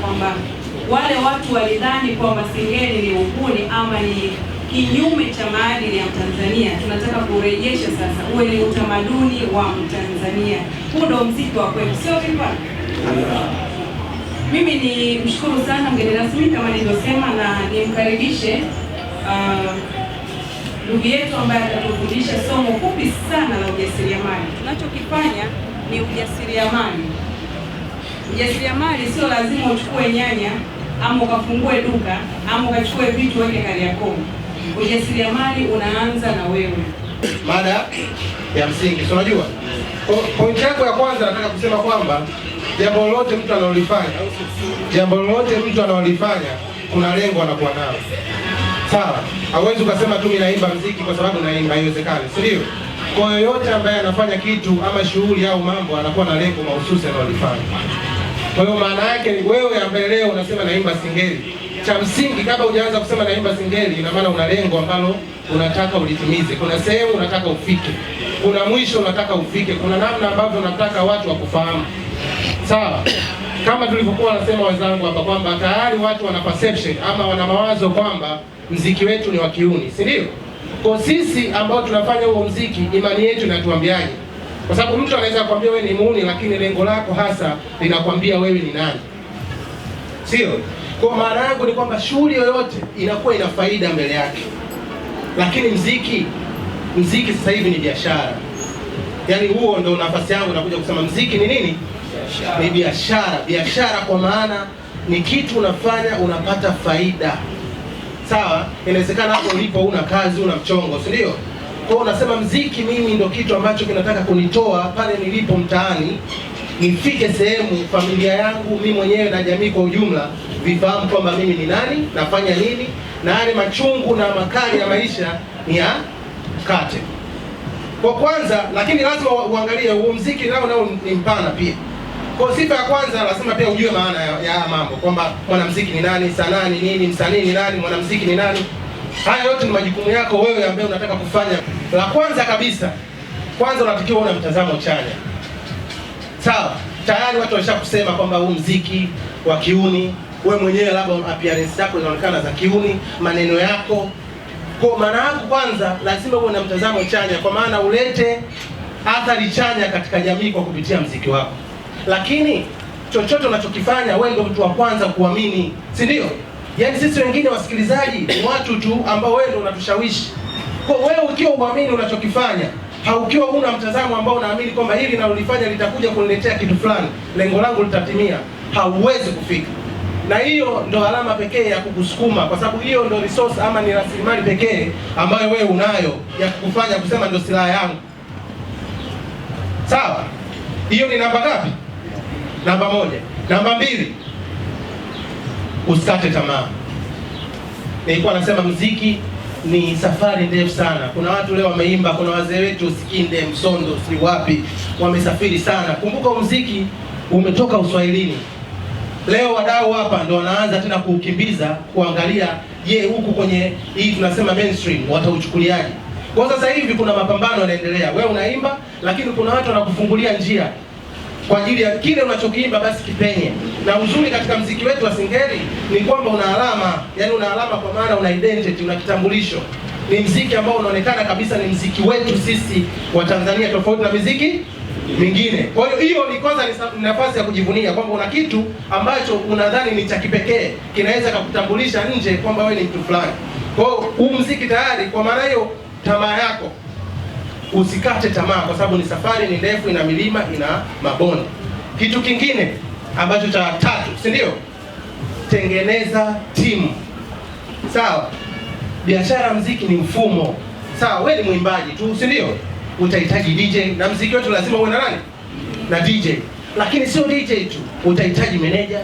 kwamba wale watu walidhani kwamba singeli ni uhuni ama ni kinyume cha maadili ya Mtanzania. Tunataka kurejesha sasa, uwe ni utamaduni wa Mtanzania. Huu ndo mziki wa kwetu, sio vipa. Mimi ni mshukuru sana mgeni rasmi kama nilivyosema, na nimkaribishe uh, ndugu yetu ambaye atatufundisha somo fupi sana la ujasiriamali. Tunachokifanya ni ujasiriamali. Ujasiriamali sio lazima uchukue nyanya ama ukafungue duka ama ukachukue vitu weke Kariakoo. Ujasiriamali unaanza na wewe. Mada ya msingi si unajua, pointi yako ya kwanza nataka kusema kwamba jambo lolote mtu analolifanya, jambo lolote mtu analolifanya kuna lengo anakuwa nalo, sawa Hauwezi ukasema tu mimi naimba mziki kwa sababu naimba, haiwezekani, si ndio? Kwa yoyote ambaye anafanya kitu ama shughuli au mambo, anakuwa na lengo mahususi analofanya. Kwa hiyo maana yake ni wewe ambaye leo unasema naimba singeli, cha msingi kabla hujaanza kusema naimba singeli, ina maana una lengo ambalo unataka ulitimize. Kuna sehemu unataka ufike, kuna mwisho unataka ufike, kuna namna ambavyo unataka watu wakufahamu, sawa? Kama tulivyokuwa nasema wenzangu hapa kwamba tayari watu wana perception ama wana mawazo kwamba mziki wetu ni wa kiuni, si ndio? Kwa sisi ambao tunafanya huo mziki, imani yetu inatuambiaje? Kwa sababu mtu anaweza kukwambia wewe ni muuni, lakini lengo lako hasa linakwambia wewe ni nani, sio? Kwa maana yangu ni kwamba shughuli yoyote inakuwa ina faida mbele yake, lakini mziki, mziki sasa hivi ni biashara. Yaani huo ndio nafasi yangu nakuja kusema mziki ni nini? Biashara. Ni biashara. Biashara kwa maana ni kitu unafanya unapata faida sawa. Inawezekana hapo ulipo una kazi, una mchongo, si ndio? Kwa unasema mziki mimi ndo kitu ambacho kinataka kunitoa pale nilipo mtaani, nifike sehemu familia yangu mimi mwenyewe na jamii kwa ujumla vifahamu kwamba mimi ni nani, nafanya nini, na yale machungu na makali ya maisha ni ya kate. Kwa kwanza, lakini lazima uangalie huu mziki nao nao ni mpana pia. Kwa sifa ya kwanza lazima pia ujue maana ya, ya mambo kwamba mwanamuziki ni nani, sanaa ni nini, msanii ni nani, mwanamuziki ni nani. Haya yote ni majukumu yako wewe ambaye unataka kufanya. La kwanza kabisa, kwanza unatakiwa uone mtazamo chanya, sawa? Tayari watu walishakusema kwamba huu mziki wa kiuni, wewe mwenyewe labda appearance yako inaonekana za kiuni, maneno yako kwa maana yako, kwanza lazima uwe na mtazamo chanya, kwa maana ulete athari chanya katika jamii kwa kupitia mziki wako lakini chochote unachokifanya wewe ndio mtu wa kwanza kuamini, si ndio? Yaani sisi wengine wasikilizaji ni watu tu ambao wewe ndio unatushawishi. Kwa wewe ukiwa uamini unachokifanya, haukiwa huna mtazamo ambao unaamini kwamba hili na ulifanya litakuja kuniletea kitu fulani, lengo langu litatimia, hauwezi kufika. Na hiyo ndo alama pekee ya kukusukuma, kwa sababu hiyo ndo resource ama ni rasilimali pekee ambayo wewe unayo ya kukufanya kusema ndio silaha yangu. Sawa, hiyo ni namba ngapi? namba moja. Namba mbili, usikate tamaa. Nilikuwa nasema mziki ni safari ndefu sana. Kuna watu leo wameimba, kuna wazee wetu Sikinde, Msondo, si wapi, wamesafiri sana. Kumbuka mziki umetoka Uswahilini. Leo wadau hapa ndo wanaanza tena kuukimbiza kuangalia, je, huku kwenye hii tunasema mainstream watauchukuliaje? Kwa sasa hivi kuna mapambano yanaendelea, wewe unaimba, lakini kuna watu wanakufungulia njia kwa ajili ya kile unachokiimba basi kipenye. Na uzuri katika mziki wetu wa Singeli ni kwamba una alama, yani una alama kwa maana una identity, una kitambulisho. Ni mziki ambao unaonekana kabisa ni mziki wetu sisi wa Tanzania, tofauti na miziki mingine. Kwa hiyo hiyo ni kwanza ni nafasi ya kujivunia kwamba una kitu ambacho unadhani ni cha kipekee, kinaweza kukutambulisha nje kwamba wewe ni mtu fulani. Kwa hiyo huu mziki tayari, kwa maana hiyo tamaa yako usikate tamaa, kwa sababu ni safari ni ndefu, ina milima, ina mabonde. Kitu kingine ambacho cha tatu, si ndio? Tengeneza timu, sawa. Biashara mziki ni mfumo, sawa. We ni mwimbaji tu, si ndio? Utahitaji DJ na mziki wetu lazima uwe na nani? Na DJ. Lakini sio DJ tu, utahitaji meneja,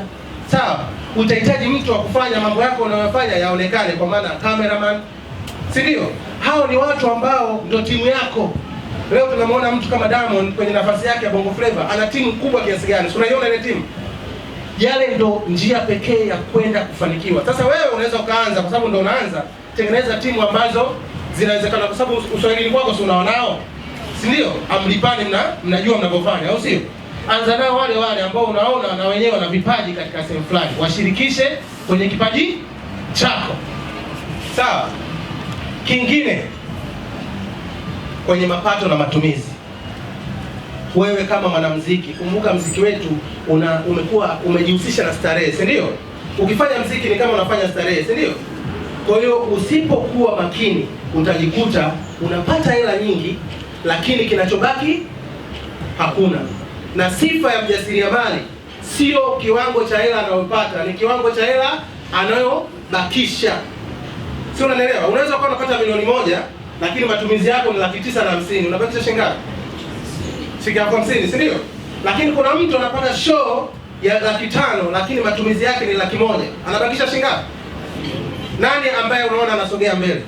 sawa. Utahitaji mtu wa kufanya mambo yako unayofanya yaonekane, kwa maana cameraman si ndio? Hao ni watu ambao ndio timu yako. Leo tunamwona mtu kama Diamond kwenye nafasi yake ya Bongo Flava ana timu kubwa kiasi gani? Unaiona ile timu? Yale ndo njia pekee ya kwenda kufanikiwa. Sasa wewe unaweza ukaanza, kwa sababu ndo unaanza, tengeneza timu ambazo zinawezekana, kwa sababu uswahilini kwako si unaonao, si ndio? Amlipani mna mnajua mnavyofanya, au sio? Anza nao wale wale ambao unaona na wenyewe wana vipaji katika sehemu fulani, washirikishe kwenye kipaji chako, sawa? Kingine kwenye mapato na matumizi, wewe kama mwanamuziki, kumbuka mziki wetu una umekuwa umejihusisha na starehe, si ndio? Ukifanya mziki ni kama unafanya starehe, si ndio? Kwa hiyo usipokuwa makini utajikuta unapata hela nyingi, lakini kinachobaki hakuna. Na sifa ya mjasiriamali sio kiwango cha hela anayopata, ni kiwango cha hela anayobakisha. Sio, unanielewa? Unaweza kuwa unapata milioni moja lakini matumizi yako ni laki tisa na hamsini, unabakisha shilingi ngapi? Shilingi elfu hamsini, si ndio? Lakini kuna mtu anapata show ya laki tano lakini matumizi yake ni laki moja, anabakisha shilingi ngapi? Nani ambaye unaona anasogea mbele?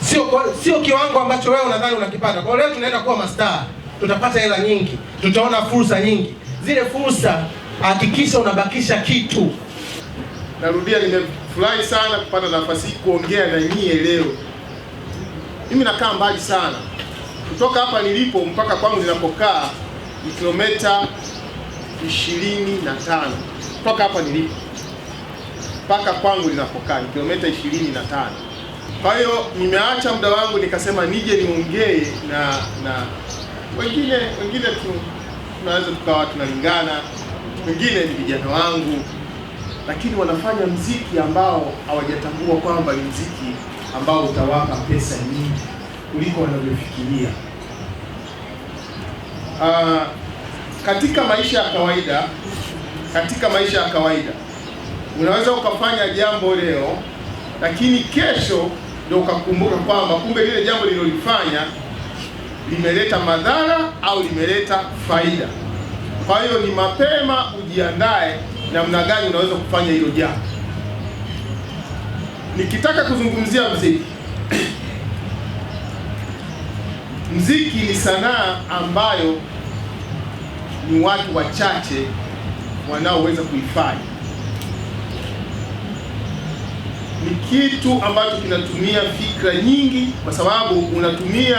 Sio, sio kiwango ambacho wewe unadhani unakipata. Kwa leo tunaenda kuwa mastaa, tutapata hela nyingi, tutaona fursa nyingi. Zile fursa, hakikisha unabakisha kitu. Narudia, nime Furahi sana kupata nafasi hii kuongea na nyie leo. Mimi nakaa mbali sana kutoka hapa nilipo mpaka kwangu ninapokaa ni kilomita 25. Kutoka hapa nilipo mpaka kwangu ninapokaa ni kilomita 25. Kwa hiyo nimeacha muda wangu nikasema nije niongee na na wengine wengine tu tunaweza tukawa tunalingana, wengine ni vijana wangu lakini wanafanya mziki ambao hawajatambua kwamba ni mziki ambao utawapa pesa nyingi kuliko wanavyofikiria. Uh, katika maisha ya kawaida, katika maisha ya kawaida unaweza ukafanya jambo leo, lakini kesho ndio ukakumbuka kwamba kumbe lile jambo lilolifanya limeleta madhara au limeleta faida. Kwa hiyo ni mapema ujiandae namna gani unaweza kufanya hilo jambo. Nikitaka kuzungumzia mziki, mziki ni sanaa ambayo ni watu wachache wanaoweza kuifanya. Ni kitu ambacho kinatumia fikra nyingi, kwa sababu unatumia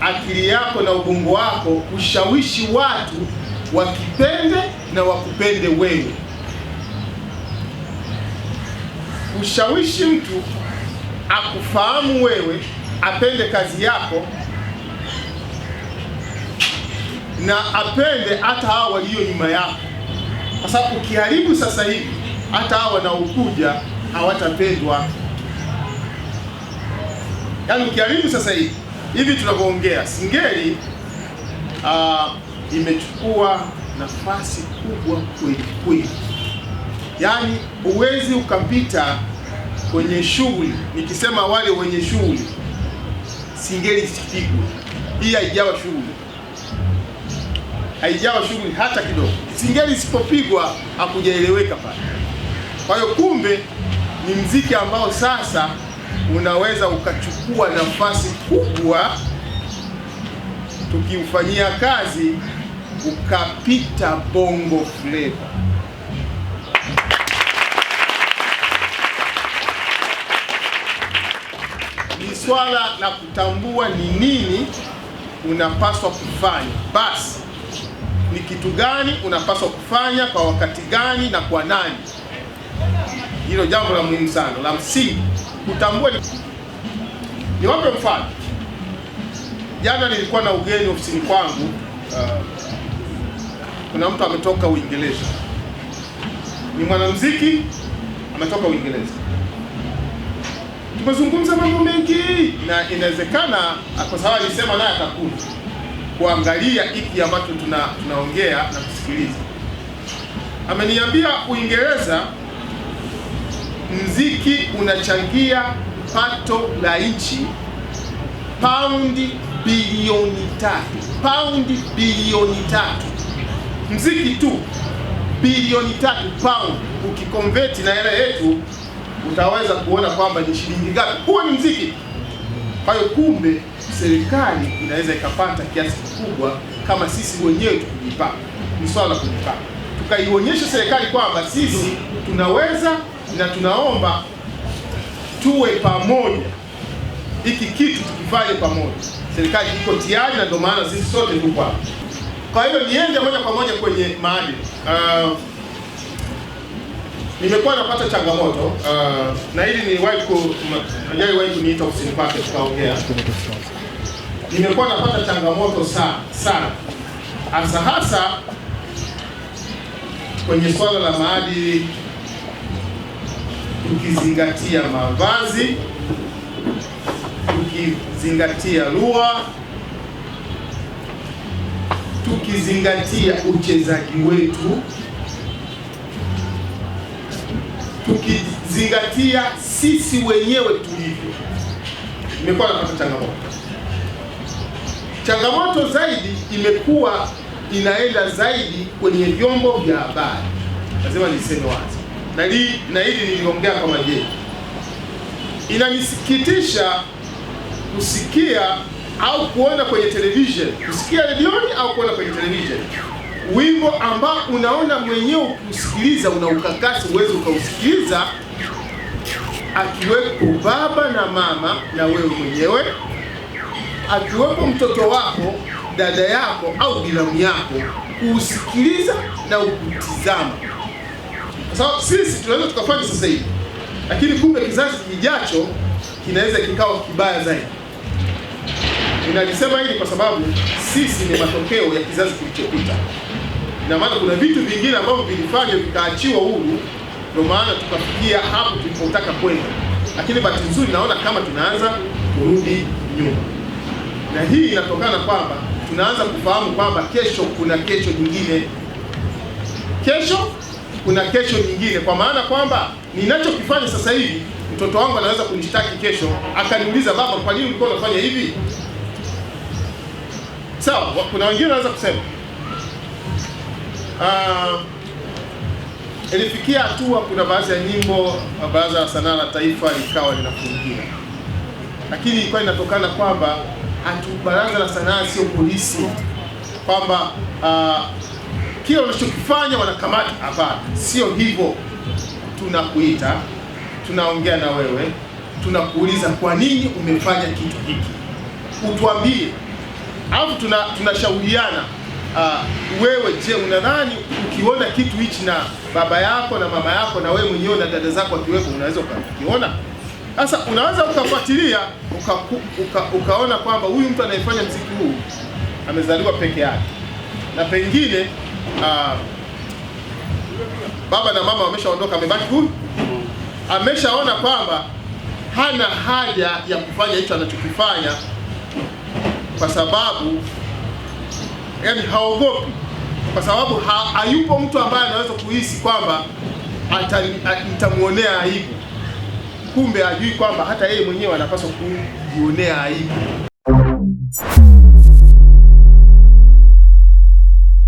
akili yako na ubongo wako kushawishi watu wakipende na wakupende wewe. Ushawishi mtu akufahamu wewe, apende kazi yako na apende hata hao walio nyuma yako, kwa sababu ukiharibu sasa hivi hata hao wanaokuja hawatapendwa. Yaani ukiharibu sasa hivi hivi tunavyoongea Singeli uh, imechukua nafasi kubwa kweli kweli. Yaani huwezi ukapita kwenye shughuli, nikisema wale wenye shughuli singeli singelisikitikwa. Hii haijawa shughuli, haijawa shughuli hata kidogo. Singeli isipopigwa hakujaeleweka pale. Kwa hiyo, kumbe ni mziki ambao sasa unaweza ukachukua nafasi kubwa tukiufanyia kazi ukapita Bongo Flava. Ni swala la kutambua ni nini unapaswa kufanya, basi ni kitu gani unapaswa kufanya kwa wakati gani na kwa nani. Hilo jambo la muhimu sana la msingi kutambua. Niwape mfano, jana nilikuwa na ugeni ofisini kwangu uh, kuna mtu ametoka Uingereza, ni mwanamuziki ametoka Uingereza. Tumezungumza mambo mengi, na inawezekana kwa sababu alisema naye atakuja kuangalia hiki ambacho tuna tunaongea na kusikiliza. Ameniambia Uingereza mziki unachangia pato la nchi paundi bilioni tatu, paundi bilioni tatu mziki tu bilioni tatu pound, ukikonveti na hela yetu utaweza kuona kwamba ni shilingi ngapi. Huo ni mziki. Kwa hiyo kumbe serikali inaweza ikapata kiasi kikubwa kama sisi wenyewe tukijipanga. Ni swala la kujipanga, tukaionyesha serikali kwamba sisi tunaweza na tunaomba tuwe pamoja, hiki kitu tukifanye pamoja. Serikali iko tayari, na ndio maana sisi sote tuko hapa. Kwa hiyo niende moja kwa moja kwenye maadili. Uh, nimekuwa napata changamoto uh, na hili niliwahi ku kuniita ofisini kwake tukaongea. Nimekuwa napata changamoto sana sana, hasa hasa kwenye swala la maadili, tukizingatia mavazi, tukizingatia lugha tukizingatia uchezaji wetu, tukizingatia sisi wenyewe tulivyo. Imekuwa napata changamoto, changamoto zaidi imekuwa inaenda zaidi kwenye vyombo vya habari. Lazima niseme wazi na li, na hili niliongea kwa je, inanisikitisha kusikia au kuona kwenye television, kusikia redioni au kuona kwenye television, wimbo ambao unaona mwenyewe ukiusikiliza una ukakasi, uweze ukausikiliza akiwepo baba na mama na wewe mwenyewe, akiwepo mtoto wako, dada yako au binamu yako, kuusikiliza na ukutizama. Kwa sababu sisi tunaweza tukafanya sasa hivi, lakini kumbe kizazi kijacho kinaweza kikawa kibaya zaidi. Ninalisema hili kwa sababu sisi ni matokeo ya kizazi kilichopita. Ina maana kuna vitu vingine ambavyo vilifanywa vikaachiwa huru, ndio maana tukafikia hapo tulipotaka kwenda, lakini bahati nzuri naona kama tunaanza kurudi nyuma, na hii inatokana kwamba tunaanza kufahamu kwamba kesho kuna kesho nyingine, kesho kuna kesho nyingine, kwa maana kwamba ninachokifanya sasa hivi mtoto wangu anaweza kunishtaki kesho akaniuliza, baba, kwa nini ulikuwa unafanya hivi? sawa. Kuna wengine wanaweza kusema uh, ilifikia hatua kuna baadhi ya nyimbo uh, Baraza la Sanaa la Taifa likawa linafungia, lakini ilikuwa inatokana kwamba hatu Baraza la Sanaa sio polisi, kwamba uh, kile unachokifanya wanakamata. Hapana, sio hivyo. Tunakuita, tunaongea na wewe, tunakuuliza kwa nini umefanya kitu hiki, utuambie alafu tuna tunashauriana uh, wewe je, unadhani ukiona kitu hichi na baba yako na mama yako na wewe mwenyewe na dada zako akiwepo unaweza ukakiona? Sasa unaweza ukafuatilia uka, uka, ukaona kwamba huyu mtu anayefanya mziki huu amezaliwa peke yake na pengine uh, baba na mama wameshaondoka, amebaki huyu, ameshaona kwamba hana haja ya kufanya hicho anachokifanya kwa sababu yani haogopi, kwa sababu ha, hayupo mtu ambaye anaweza kuhisi kwamba itamwonea aibu, kumbe ajui kwamba hata yeye mwenyewe anapaswa kujionea aibu.